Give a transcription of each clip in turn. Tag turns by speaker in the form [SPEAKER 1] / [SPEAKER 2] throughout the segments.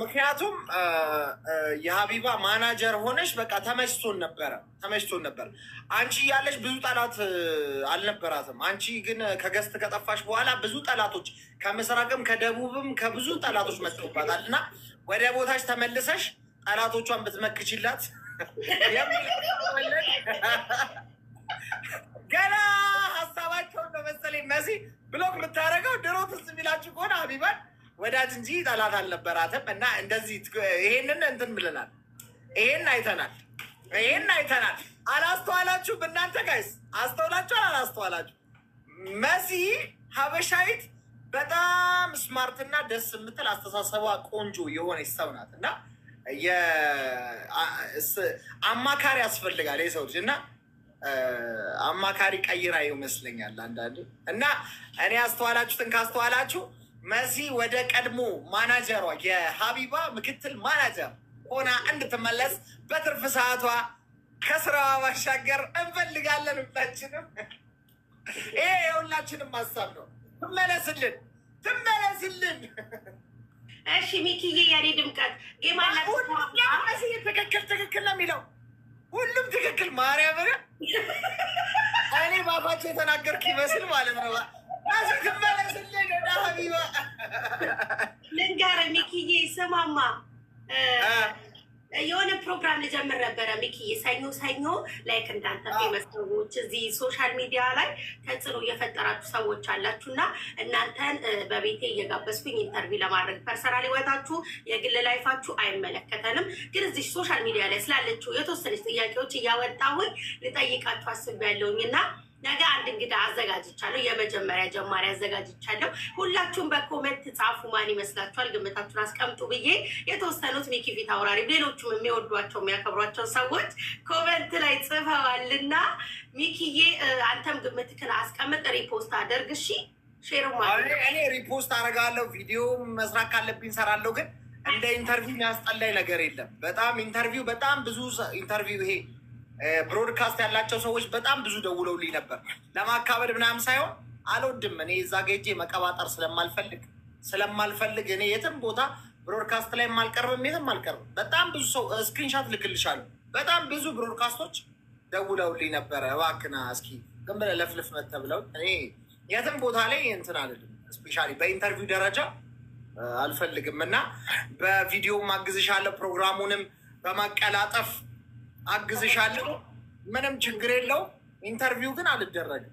[SPEAKER 1] ምክንያቱም የሀቢባ ማናጀር ሆነሽ በቃ ተመችቶን ነበረ ተመችቶን ነበር። አንቺ እያለሽ ብዙ ጠላት አልነበራትም። አንቺ ግን ከገስት ከጠፋሽ በኋላ ብዙ ጠላቶች ከምስራቅም ከደቡብም ከብዙ ጠላቶች መጥቶባታል እና ወደ ቦታሽ ተመልሰሽ ጠላቶቿን ብትመክችላት ገና ሀሳባቸውን በመሰለኝ መሲ ብሎክ የምታደርገው ድሮ ትዝ የሚላችሁ ከሆነ ሀቢባን ወዳጅ እንጂ ጠላት አልነበራትም። እና እንደዚህ ይሄንን እንትን ብለናል። ይሄን አይተናል። ይሄን አይተናል። አላስተዋላችሁም እናንተ ጋይስ አስተውላችኋል? አላስተዋላችሁ መሲ ሀበሻዊት በጣም ስማርት እና ደስ የምትል አስተሳሰቧ ቆንጆ የሆነች ሰው ናት እና አማካሪ ያስፈልጋል የሰው ልጅ እና አማካሪ ቀይራ ይመስለኛል አንዳንዴ እና እኔ አስተዋላችሁትን ካስተዋላችሁ መሲ ወደ ቀድሞ ማናጀሯ የሀቢባ ምክትል ማናጀር ሆና እንድትመለስ በትርፍ ሰዓቷ ከስራዋ ባሻገር እንፈልጋለን። ሁላችንም ይሄ የሁላችንም ሀሳብ ነው። ትመለስልን ትመለስልን።
[SPEAKER 2] እሺ ሚኪዬ፣ የኔ ድምቀት
[SPEAKER 1] ሁሉም ትክክል ትክክል ነው የሚለው ሁሉም ትክክል ማርያም፣ እኔ ባፋቸው የተናገርኩ ይመስል ማለት ነው
[SPEAKER 2] ልንገርህ ሚኪዬ ስማማ የሆነ ፕሮግራም ልጀምር ነበረ ሚኪዬ፣ ሰኞ ሰኞ ላይክ እንዳንተ ሰዎች እዚህ ሶሻል ሚዲያ ላይ ተጽዕኖ እየፈጠራችሁ ሰዎች አላችሁ እና እናንተን በቤቴ እየጋበዝኩኝ ኢንተርቪው ለማድረግ ፐርሰናል ህይወታችሁ፣ የግል ላይፋችሁ አይመለከተንም፣ ግን እዚህ ሶሻል ሚዲያ ላይ ስላለችው የተወሰነች ጥያቄዎች እያወጣሁኝ ልጠይቃችሁ አስቤያለሁኝ እና ነገ አንድ እንግዳ አዘጋጅቻለሁ። የመጀመሪያ ጀማሪ አዘጋጅቻለሁ። ሁላችሁም በኮመንት ጻፉ፣ ማን ይመስላችኋል? ግምታችሁን አስቀምጡ ብዬ የተወሰኑት ሚኪ ፊት አውራሪ፣ ሌሎቹም የሚወዷቸው የሚያከብሯቸው ሰዎች ኮመንት ላይ ጽፈዋልና ሚኪዬ አንተም ግምትክን አስቀምጥ። ሪፖስት አደርግ እሺ። ሼር
[SPEAKER 1] እኔ ሪፖስት አደርጋለሁ። ቪዲዮ መስራት ካለብኝ ሰራለሁ። ግን እንደ ኢንተርቪው የሚያስጠላኝ ነገር የለም። በጣም ኢንተርቪው በጣም ብዙ ኢንተርቪው ይሄ ብሮድካስት ያላቸው ሰዎች በጣም ብዙ ደውለውልኝ ነበር። ለማካበድ ምናምን ሳይሆን አልወድም እኔ እዛ ገጄ መቀባጠር ስለማልፈልግ ስለማልፈልግ እኔ የትም ቦታ ብሮድካስት ላይ የማልቀርብም የትም አልቀርብም። በጣም ብዙ ሰው ስክሪንሻት ልክልሻሉ። በጣም ብዙ ብሮድካስቶች ደውለውልኝ ነበረ። እባክና እስኪ ግን ብለህ ለፍልፍ መተህ ብለው እኔ የትም ቦታ ላይ እንትን አልልም። ስፔሻሊ በኢንተርቪው ደረጃ አልፈልግም እና በቪዲዮ ማግዝሻለሁ ፕሮግራሙንም በማቀላጠፍ አግዝሻለሁ፣ ምንም ችግር የለው። ኢንተርቪው ግን አልደረግም።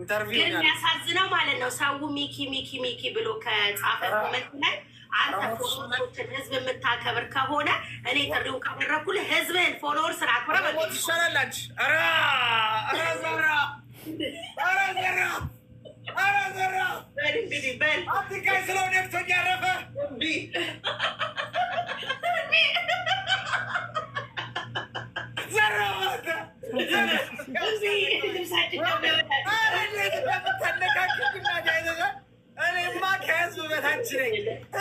[SPEAKER 1] ኢንተርቪው ግን
[SPEAKER 2] የሚያሳዝነው ማለት ነው ሰው ሚኪ ሚኪ ሚኪ ብሎ ከጻፈ ኮመንት ላይ አንተ ፎሎወሮችን ህዝብ የምታከብር ከሆነ እኔ ጥሪው ካደረግኩል ህዝብህን ፎሎወር ስራ
[SPEAKER 1] ክብረ ትሰራላች። ስለሆነ ያረፈ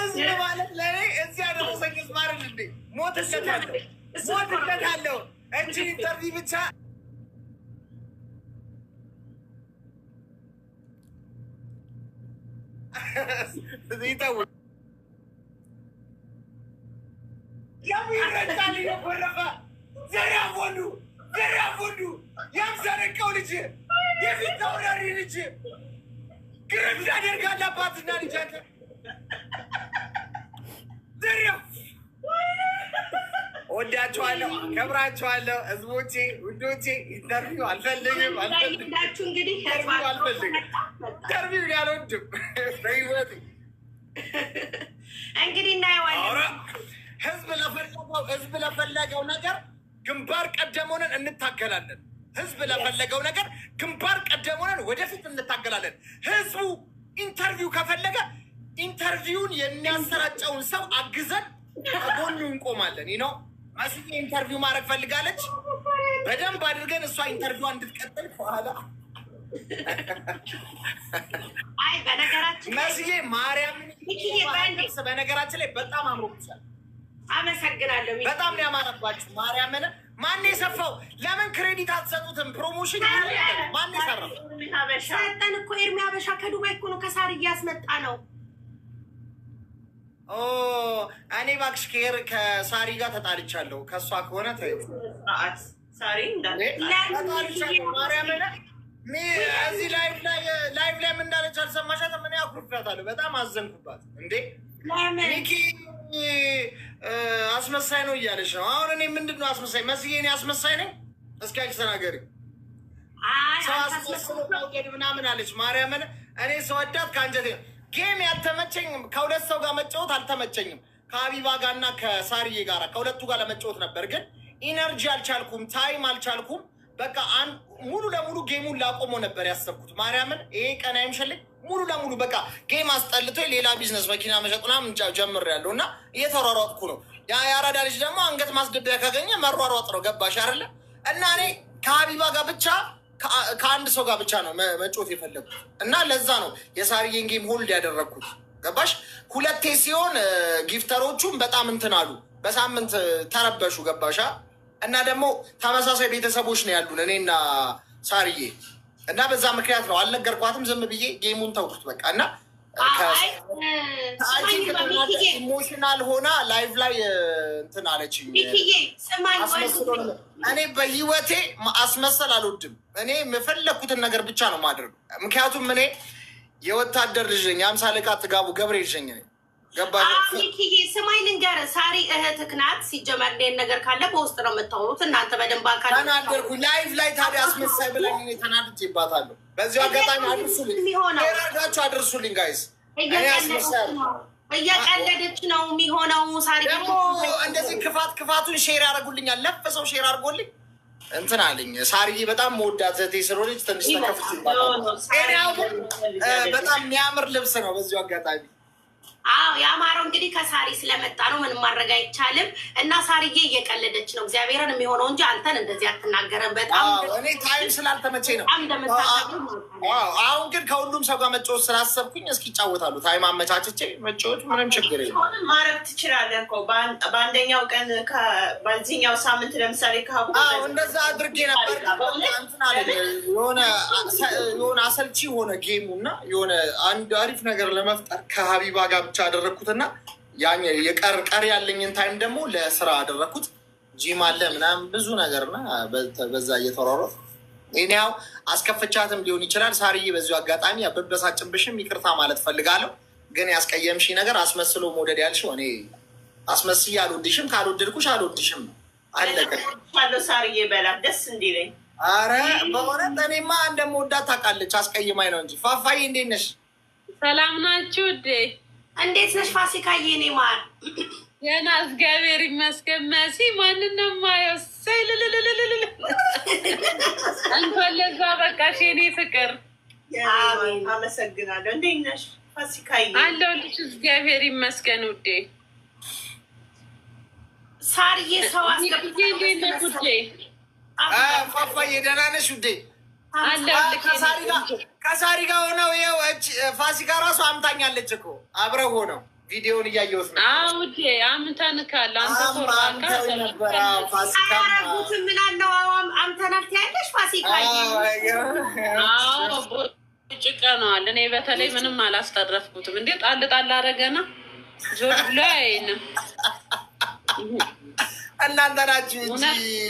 [SPEAKER 1] ህዝብ ማለት ለእኔ እዚህ ያደረሰኝ ህዝብ አይደል እንዴ? ሞትለታለሁ እንጂ ኢንተርቪ ብቻ ይተው የሚረዳል ልጅ የፊት ተውራሪ ልጅ ግርም ያደርጋል አባትና ልጃቸው ወዳችኋለሁ፣ አከብራችኋለሁ። ህዝቦቼ፣ ውዶቼ ኢንተርቪው አልፈልግም አልፈልግም። ኢንተርቪው ያልወድም በህይወት
[SPEAKER 2] እንግዲህ እናየዋለን።
[SPEAKER 1] ህዝብ ለፈለገው ህዝብ ለፈለገው ነገር ግንባር ቀደም ሆነን እንታገላለን። ህዝብ ለፈለገው ነገር ግንባር ቀደም ሆነን ወደፊት እንታገላለን። ህዝቡ ኢንተርቪው ከፈለገ ኢንተርቪውን የሚያሰራጨውን ሰው አግዘን ከጎኑ እንቆማለን። ነው መስዬ ኢንተርቪው ማድረግ ፈልጋለች። በደንብ አድርገን እሷ ኢንተርቪዋ እንድትቀጥል በኋላ መስዬ ማርያም፣ በነገራችን ላይ በጣም አምሮብሻል።
[SPEAKER 2] አመሰግናለሁ።
[SPEAKER 1] በጣም ነው ያማረባችሁ። ማርያምን ማን የሰፋው? ለምን ክሬዲት አትሰጡትም? ፕሮሞሽን ማን ሰራ?
[SPEAKER 2] ሰጠን እኮ ኤርሚ አበሻ ከዱባይ እኮ ነው ከሳር እያስመጣ ነው
[SPEAKER 1] እኔ እባክሽ ከሄር ከሳሪ ጋር ተጣልቻለሁ። ከእሷ ከሆነ እዚህ ላይቭ ላይ ምን እንዳለች አልሰማሻትም? ምን አኩርፊያታለሁ። በጣም አዘንኩባት። እንዴ ሚኪ አስመሳይ ነው እያለች ነው አሁን። እኔ ምንድን ነው አስመሳይ መስዬ? እኔ አስመሳይ ነኝ? እስኪ አንቺ ተናገሪ። ሰው አስመስሎ ምናምን አለች ማርያምን። እኔ ስወዳት ከአንጀቴ ነው ጌም ያልተመቸኝም ከሁለት ሰው ጋር መጫወት አልተመቸኝም። ከአቢባ ጋር እና ከሳርዬ ጋር ከሁለቱ ጋር ለመጫወት ነበር፣ ግን ኢነርጂ አልቻልኩም፣ ታይም አልቻልኩም። በቃ ሙሉ ለሙሉ ጌሙን ላቆሞ ነበር ያሰብኩት። ማርያምን ይሄ ቀን አይምሸልኝ ሙሉ ለሙሉ በቃ ጌም አስጠልቶ ሌላ ቢዝነስ መኪና መሸጥ ምናምን ጀምሬያለሁ እና እየተሯሯጥኩ ነው። የአራዳ ልጅ ደግሞ አንገት ማስደቢያ ካገኘ መሯሯጥ ነው። ገባሽ አይደለ? እና እኔ ከሀቢባ ጋር ብቻ ከአንድ ሰው ጋር ብቻ ነው መጮት የፈለጉት እና ለዛ ነው የሳርዬን ጌም ሆልድ ያደረግኩት። ገባሽ? ሁለቴ ሲሆን ጊፍተሮቹም በጣም እንትን አሉ። በሳምንት ተረበሹ። ገባሻ? እና ደግሞ ተመሳሳይ ቤተሰቦች ነው ያሉን እኔና ሳርዬ እና በዛ ምክንያት ነው አልነገርኳትም። ዝም ብዬ ጌሙን ተውኩት በቃ እና ኢሞሽናል ሆና ላይቭ ላይ እንትን አለችኝ። እኔ በህይወቴ አስመሰል አልወድም። እኔ የፈለግኩትን ነገር ብቻ ነው ማድረግ። ምክንያቱም እኔ የወታደር ልጅ ነኝ። አምሳ ልቃ ትጋቡ ገብሬ ልጅ ነኝ።
[SPEAKER 2] ገባኪዬ ስማኝ ልንገር፣ ሳሪ እህትህ ናት። ሲጀመር እንዴት ነገር ካለ በውስጥ ነው የምታወሩት እናንተ በደንብ አካል
[SPEAKER 1] ተናገርኩ። ላይቭ ላይ ታዲያ አስመሳይ ብለኝ እኔ ተናድጄ ይባታለሁ። በዚሁ አጋጣሚ አድርሱልኝ፣ ራዳችሁ አድርሱልኝ ጋይስ እኔ አስመሳይ
[SPEAKER 2] እየቀለደች ነው የሚሆነው። ሳሪ
[SPEAKER 1] ደግሞ እንደዚህ ክፋት ክፋቱን ሼር ያደርጉልኛል። ለፍ ሼር አድርጎልኝ እንትን አለኝ። ሳሪ በጣም መወዳት ዘቴ ስለሆነች ትንሽ ተከፍች። በጣም የሚያምር ልብስ ነው በዚሁ አጋጣሚ
[SPEAKER 2] አዎ የአማረው እንግዲህ ከሳሪ ስለመጣ ነው። ምንም ማድረግ አይቻልም። እና ሳሪዬ እየቀለደች ነው እግዚአብሔርን የሚሆነው እንጂ አንተን እንደዚህ አትናገረን። በጣም
[SPEAKER 1] እኔ ታይም ስላልተመቼ ነው። አሁን ግን ከሁሉም ሰው ጋር መጫወት ስላሰብኩኝ እስኪ ይጫወታሉ። ታይም አመቻችቼ መጫወት ምንም ችግር የለም።
[SPEAKER 2] ማረግ ትችላለን። በአንደኛው ቀን፣ በዚህኛው ሳምንት ለምሳሌ ከሀቡ
[SPEAKER 1] እንደዛ አድርጌ ነበር። የሆነ አሰልቺ የሆነ ጌሙ እና የሆነ አንድ አሪፍ ነገር ለመፍጠር ከሀቢባ ጋር ብቻ አደረግኩትና የቀርቀር ያለኝን ታይም ደግሞ ለስራ አደረግኩት። ጂም አለ ምናም ብዙ ነገርና በዛ እየተሯሯጥ እኔ ያው አስከፍቻትም ሊሆን ይችላል። ሳርዬ በዚሁ አጋጣሚ ብበሳጭብሽም ይቅርታ ማለት ፈልጋለሁ። ግን ያስቀየምሽ ነገር አስመስሎ መውደድ ያልሽው እኔ አስመስዬ አልወድሽም፣ ካልወደድኩሽ አልወድሽም ነው አለቀ።
[SPEAKER 2] ሳርዬ በላት ደስ እንዲለኝ።
[SPEAKER 1] አረ በእውነት እኔማ እንደምወዳት ታውቃለች። አስቀይማኝ ነው እንጂ ፋፋዬ፣ እንዴት ነሽ?
[SPEAKER 3] ሰላም ናችሁ?
[SPEAKER 2] እንዴት ነሽ ፋሲካዬ? እኔ ማር
[SPEAKER 3] ገና እግዚአብሔር ይመስገን። መሲ ማንንም ማየውሰይልልልልልል እንኳን ለዛ በቃሽ የኔ ፍቅር።
[SPEAKER 2] አመሰግናለሁ። እንዴት ነሽ ፋሲካዬ?
[SPEAKER 3] አለሁልሽ እግዚአብሔር ይመስገን ውዴ።
[SPEAKER 2] ሳርዬ ሰው
[SPEAKER 3] አስገብቼ እንዴት ነሽ ውዴ?
[SPEAKER 1] ፋፋዬ ደህና ነሽ ውዴ? ከሳሪ ጋር ሆነው ፋሲካ ራሱ አምታኛለች እኮ አብረው ሆነው ቪዲዮን እያየሁት ነው።
[SPEAKER 3] አውዴ አምተንካል
[SPEAKER 1] አንተ ቶራካቡት
[SPEAKER 2] ምናለው አምተናል ያለሽ ፋሲካ
[SPEAKER 3] ጭቀነዋል። እኔ በተለይ ምንም አላስተረፍኩትም። እንዴ ጣል ጣል አደረገና ዞላይንም
[SPEAKER 1] እናንተ ናችሁ እንጂ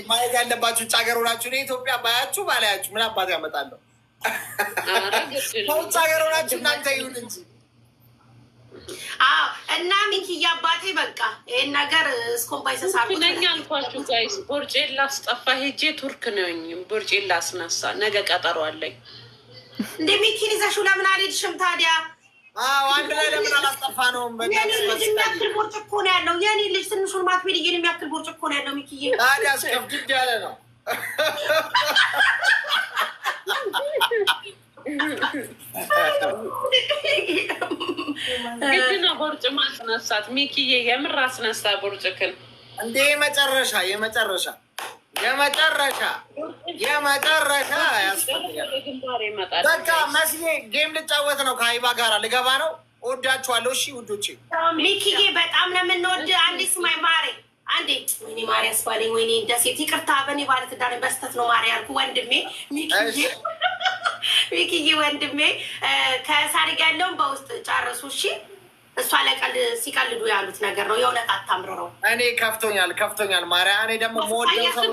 [SPEAKER 1] ማየት ያለባችሁ ውጭ ሀገር ሆናችሁ ኢትዮጵያ ባያችሁ ባላያችሁ ምን አባት ያመጣለሁ። ከውጭ ሀገር ሆናችሁ እናንተ ይሁን እንጂ
[SPEAKER 2] እና ሚኪያ አባቴ በቃ ይህን ነገር እስኮምባይ
[SPEAKER 3] ተሳነኛ አልኳችሁ። ጋይስ ቦርጬን ላስጠፋ ሄጄ ቱርክ ነኝ። ቦርጬን ላስነሳ ነገ ቀጠሮ አለኝ።
[SPEAKER 2] እንደ ሚኪን ይዘሽው ለምን አልሄድሽም ታዲያ?
[SPEAKER 1] አንድ ላይ ለምን አላስጠፋ ነው?
[SPEAKER 2] የኔ ልጅ የሚያክል ቦርጭ ነው ያለው። የኔ ልጅ ትንሹን ማትቤድ እየን የሚያክል ቦርጭ ነው ያለው። ሚኪዬ
[SPEAKER 1] ታዲያ አስከፍድድ ያለ ነው
[SPEAKER 3] ግድ ነው ቦርጭ ማስነሳት። ሚኪዬ የምር አስነሳ ቦርጭክን
[SPEAKER 1] እንዴ! የመጨረሻ የመጨረሻ የመጨረሻ የመጨረሻ በቃ መስዬ ጌም ልጫወት ነው፣ ከሀይባ ጋር ልገባ ነው። እወዳችኋለሁ። እሺ ውዶቼ፣
[SPEAKER 2] ሚኪዬ በጣም ነው የምንወድ። አንዴ ስማይ ማሬ፣ አንዴ ወይኔ ማሪ ያስባለኝ። ወይኔ ደሴት ይቅርታ፣ በእኔ ባለትዳር በስተት ነው ማሪ ያልኩ ወንድሜ ሚኪዬ ዊኪዬ ወንድሜ ከሳሪቅ ያለውን በውስጥ ጨርሱ። እሺ እሷ ለቀል ሲቀልዱ ያሉት ነገር ነው። የእውነት አታምርረው።
[SPEAKER 1] እኔ ከፍቶኛል፣ ከፍቶኛል ማርያ። እኔ ደግሞ መወደው ሰው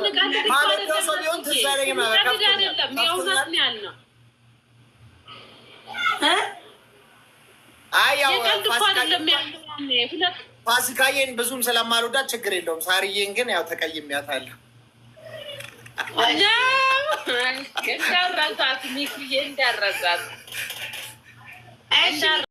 [SPEAKER 1] ፋሲካዬን ብዙም ስለማልወዳት ችግር የለውም። ሳርዬን ግን ያው ተቀይሜያታለሁ።
[SPEAKER 3] እንዳረዛት ሚኪ እንዳረዛት